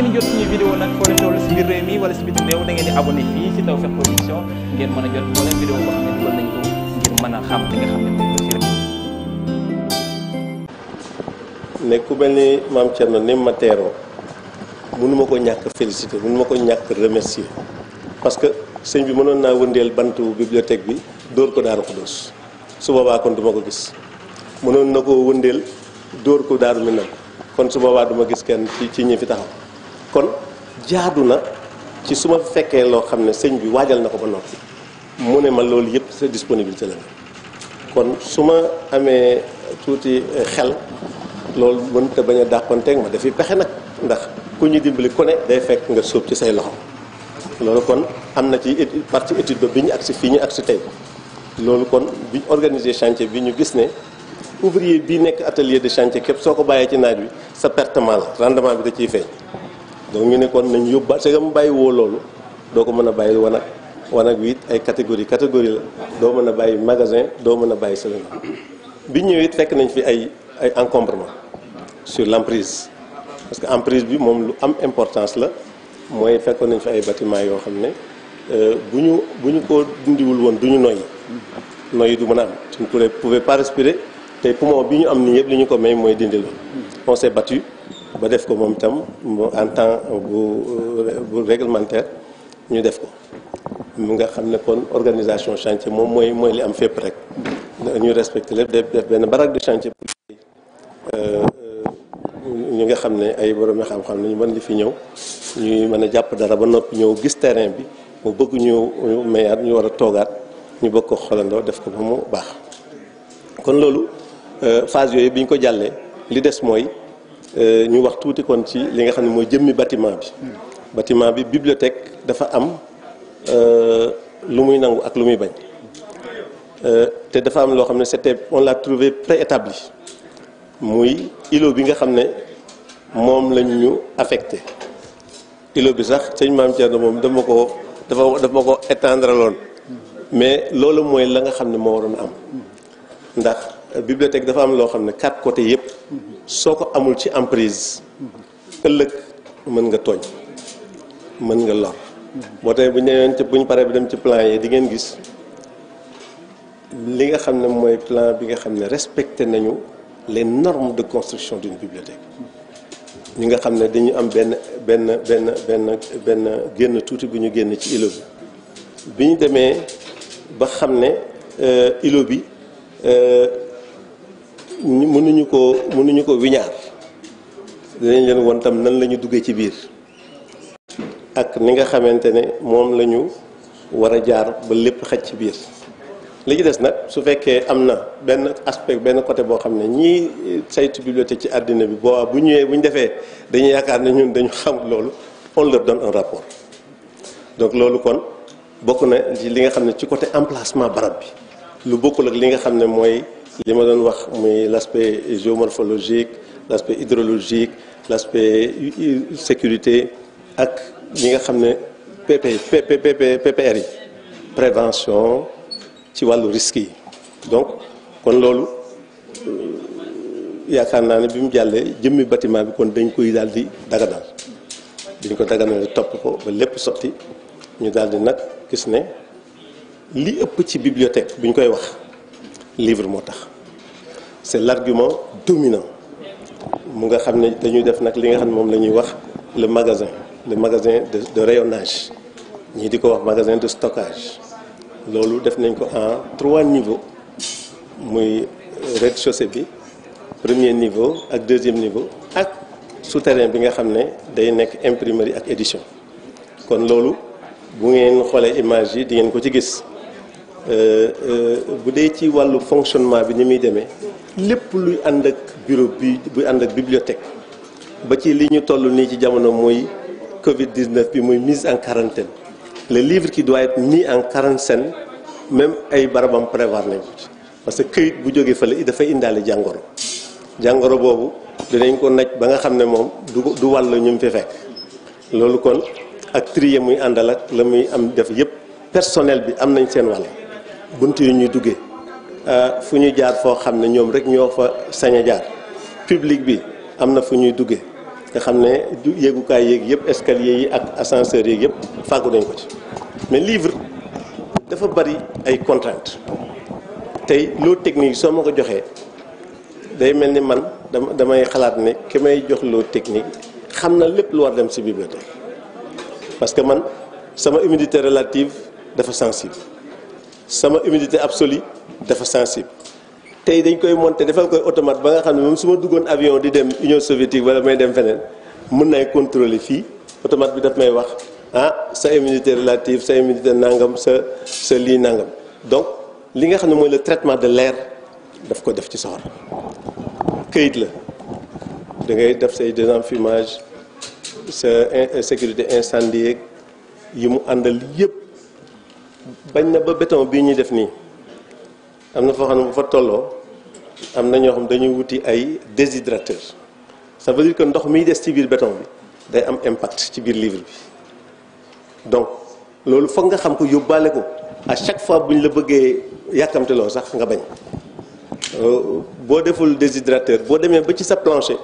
ngeen di abonné fii si Tawfekh Production ngeen mën a jot mën a xam li nga xam ne moom la rek. ne ku mel ni maam Thierno ni ma teeroo mënu ko ñàkk félicité mënu ko ñàkk remercier parce que sëñ bi mënoon naa wëndeel bantu bibliothèque bi dóor ko Daaru Xudoos su boobaa kon du ma ko gis mënoon na ko wëndeel dóor ko Daaru Minam kon su boobaa duma gis kenn ci ci ñi taxaw. kon jaadu na ci su ma fekkee loo xam ne sëñ bi waajal na ko ba noppi mu ne ma loolu yëpp sa disponibilité la kon su ma amee tuuti xel loolu te bañ a teg ma dafi pexe nag ndax ku ñu dimbali ku ne day fekk nga sóob ci say loxo loolu kon am na ci partie étude ba bi ñu si fii ñu si tey loolu kon bi organiser chantier bi ñu gis ne ouvrier bi nekk atelier de chantier képp soo ko bàyyee ci naaj wi sa pertement la rendement bi da ciy feeñ donc ñu ne kon nañ yóbba que mu bàyyi woo loolu doo ko mën a bàyyi wanag wanag wi it ay catégorie catégorie la doo mën a bàyyi magasin doo mën a bàyyi selon bi ñëwee it fekk nañ fi ay ay encombrement sur l'emprise parce que emprise bi moom lu am importance la mooy fekkoon nañ fi ay bâtiment yoo xam ne euh, bu ñu bu ñu ko dindiwul woon du ñu noyyi noyyi du mën a am suñ pouvait pas respirer te poumon bi ñu am nii yëpp li ñu ko may mooy dindi loolu on battu ba def ko moom itam en temps bu bu euh, réglementaire ñu def ko mu nga xam ne kon organisation chantier moom mooy mooy li am fépp rek ñu respecté lépp def benn barak de chantier euh, euh, ñu nga xam ne ay borom xam-xam ñu mën di fi ñëw ñuy mën a jàpp dara ba noppi ñëw gis terrain bi mu bëgg ñu mayaat ñu war a toogaat ñu bëgg ko xolandoo def ko ba mu baax kon loolu phase yooyu bi ñu ko jàllee li des mooy Euh, ñu wax tuuti kon ci li nga xam ne mooy jëmmi bâtiment bi bâtiment bi bibliothèque dafa am euh, lu muy nangu ak lu muy bañ euh, te dafa am loo xam ne c'était on l'a trouvé préétabli muy îlot bi nga xam ne moom lañ ñu affecté îlot bi sax sëñ maam Thierno moom dama ko dafa daf ma ko étendre loon mais loolu mooy la nga xam ne moo waroon am ndax bibliothèque dafa am loo xam ne quatre côtés yëpp soo ko amul ci emprise ëllëg mën nga tooñ mën nga lor boo tey bu ñu paree bi dem ci plan yi di ngeen gis li nga xam ne mooy plan bi nga xam ne respecté nañu leen norme de construction d'une bibliothèque ñi nga xam ne dañu am benn benn benn benn benn génn tuuti bu ñu génn ci îlot bi bi ñu demee ba xam ne ilo euh, bi euh, mënuñu ko mënuñu ko wiñaar dinañ leen won tam nan la ñu duggee ci biir ak ni nga xamante ne moom la ñu war a jaar ba lépp xaj ci biir li ci des nag su fekkee am na benn aspect benn côté boo xam ne ñii saytu bibliothèque ci àddina bi boo bu ñëwee bu ñu defee dañu yaakaar ne ñun dañu xam loolu on leur donne un rapport donc loolu kon bokk na ci li nga xam ne ci côté emplacement barab bi lu bokkul ak li nga xam ne mooy li ma doon wax muy laspe aspect géomorphologique l' aspect hydrologique l' sécurité ak ñi nga xam ne PP PPR yi prévention ci wàllu risque yi donc kon loolu euh, yaakaar naa ne bi mu jàllee jëmmi bâtiment bi kon dañ koy daal di daganal dañ ko daganal topp ko ba lépp sotti ñu daal nag gis ne li ëpp ci bibliothèque bu ñu koy wax livre moo tax c' est l' argument dominant mu nga xam ne dañuy def nag li nga xam ne moom la ñuy wax le magasin le magasin de de rayonnage ñii di ko wax magasin de stockage loolu def nañ ko en trois niveaux muy rez de bi premier niveau ak deuxième niveau ak souterrain bi nga xam ne day nekk imprimerie ak édition kon loolu bu ngeen xoolee image yi di ngeen ko ci gis Euh, euh, bu dee ci wàllu fonctionnement bi ni muy demee lépp luy ànd ak bureau bi buy ànd ak bibliothèque ba ci li ñu toll nii ci jamono mooy Covid 19 bi muy mise en quarantaine le livre qui doit être mis en quarantaine même ay barabam prévoir nañ parce que këyit bu jógee fële dafay indaale jàngoro jàngoro boobu dinañ ko naj ba nga xam ne moom du du wàll ñu fi fekk loolu kon ak trier muy àndal ak la muy am def yépp personnel bi am nañ seen wàll. bunt yu ñuy duggee euh, fu ñu jaar foo xam ne ñoom rek ñoo fa sañ a jaar public bi am na fu ñuy duggee nga xam ne yéegukaay yéeg yëpp escalier yi ak ascenseur yéeg yëpp fàggu nañ ko ci mais livre dafa bari ay contraintes tey loo technique soo ma ko joxee day mel ni man damay xalaat ne ki may jox loo technique xam na lépp lu war dem ci bibliothèque parce que man sama humidité relative dafa sensible sama humidité absolue dafa sensible tey dañ koy monter defal koy automate ba nga xam ne moom su ma duggoon avion di dem Union soviétique wala may dem feneen mën nay contrôler fii automate bi daf may wax ah sa humidité relative sa humidité nangam sa sa lii nangam donc li nga xam ne mooy le traitement de l'air daf ko def ci soxor këyit la da ngay def say désenfumage sa sécurité incendie yi mu àndal yëpp bañ na ba béton bii ñuy def nii am na foo xam ne bu fa tolloo am na ñoo xam dañuy wuti ay déshydrateur ça veut dire que ndox miy des ci biir béton bi day am impact ci biir livre bi donc loolu foog nga xam ko yóbbaale ko à chaque fois bu ñu la bëggee yàkkamteloo loo sax nga bañ euh, boo deful déshydrateur boo demee ba ci sa plancher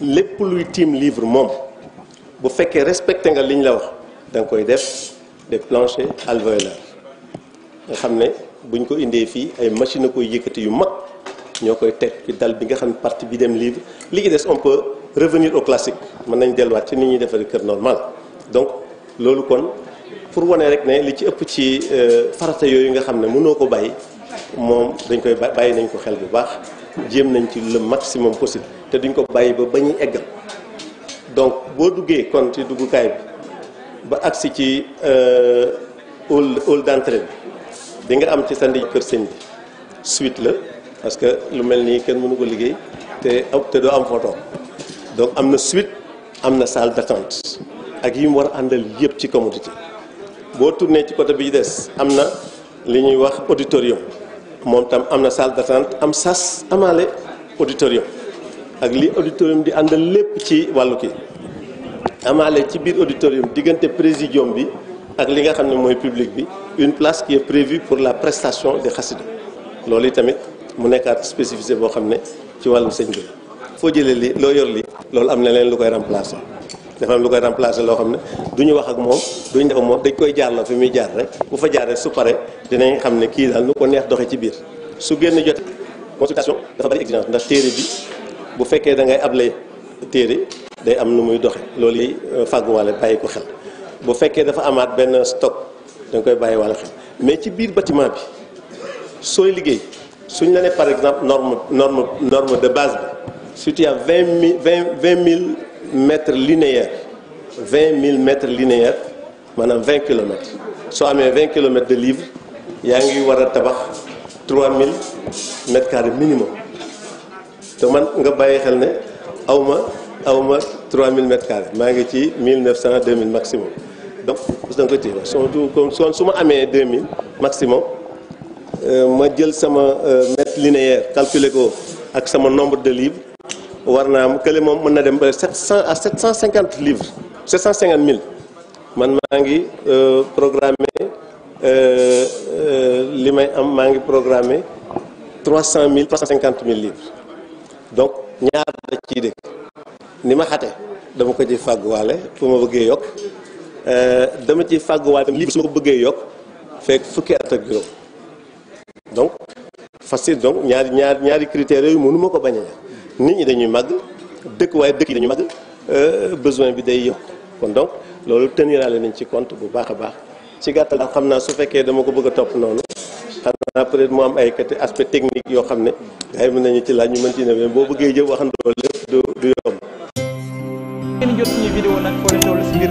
lépp luy tiim livre moom bu fekkee respecté nga liñ la wax danga koy def des planchers alvéolaires nga xam ne buñ ko indee fii ay machine a koy yëkkati yu mag ñoo koy teg ci dal bi nga xam ne partie bi dem livre li ci des on peut revenir au classique mën nañ delluwaat ci ni ñuy defaree kër normal donc loolu kon pour wane rek ne li ci ëpp ci euh, farata yooyu nga xam ne mënoo ko bàyyi moom dañ koy bàyyi nañ ko xel bu baax jéem nañ ci lu le maximum possible te duñ ko bàyyi ba ba ñuy eggal donc boo duggee kon ci duggukaay bi ba agsi ci euh, hall hall d'entrée bi nga am ci sa ndey kër sëñ bi suite la parce que lu mel nii kenn mënu ko liggéey te te doo am photo donc am na suite am na salle d'attente ak yi mu war a àndal yëpp ci commodité boo tourné ci côté bi des am na li ñuy wax auditorium moom tam am na salle d'attente am sas amaale auditorium ak li auditorium di àndal lépp ci wàllu ki amaale ci biir auditorium diggante présidium bi ak li nga xam ne mooy public bi une place qui est prévue pour la prestation des xasida loolu tamit mu nekkaat spécificité boo xam ne ci wàllu sëñ bi foo jëlee li loo yor li loolu am na leen lu koy remplacer dafa am lu koy remplacer loo xam ne du ñu wax ak moom duñ def ak moom dañ koy jaarloo fi muy jaar rek bu fa jaar su pare dinañ xam ne kii daal nu ko neex doxee ci biir su génn jot consultation dafa bari exigence ndax téere bi bu fekkee da ngay ablé téere day am nu muy doxe loolu yi euh, fàgguwaale bàyyi ko fekkee dafa amaat benn stock da koy bàyyi wàll xel mais ci biir bâtiment bi sooy liggéey suñ la ne par exemple norme norme norme de base bi si tu as vingt mille vingt vingt mille mètres vingt mille mètres maanaam vingt kilomètres soo amee vingt kilomètres de livre yaa ngi war a tabax trois mille mètres carrés minimum te man nga bàyyi xel ne awma awma trois mille mètres carrés maa ngi ci mille neuf cent deux mille maximum donc donc retiré soo su ma amee 2000 maximum euh, ma jël sama euh, mètre linéaire calculer ko ak sama nombre de livres war naa am kële moom mën na dem ba 700 à 750 livres 750 000 man maa ngi euh, programmer li may am maa ngi programmer 300 000 350 000 livres donc ñaar da ciy dëkk ni ma xate dama ko ci fàgguwaale fu ma bëggee yokk. Euh, dama ci fàgguwaay tam lii su ma ko bëggee yokk fekk fukki at ak juróom donc facile donc ñaari ñaari ñaari critères yooyu mënu ma ko bañ a nit ñi dañuy màgg dëkk waaye dëkk yi dañuy màgg euh, besoin bi day yokk kon donc loolu tëniraale nañ ci compte bu baax a baax ci gàttal daal xam naa su fekkee dama ko bëgg topp noonu xanaa peut-être mu am ay aspect technique yoo xam ne gars yi nañu ci laaj ñu mën ci boo bëggee jëm waxandoo lépp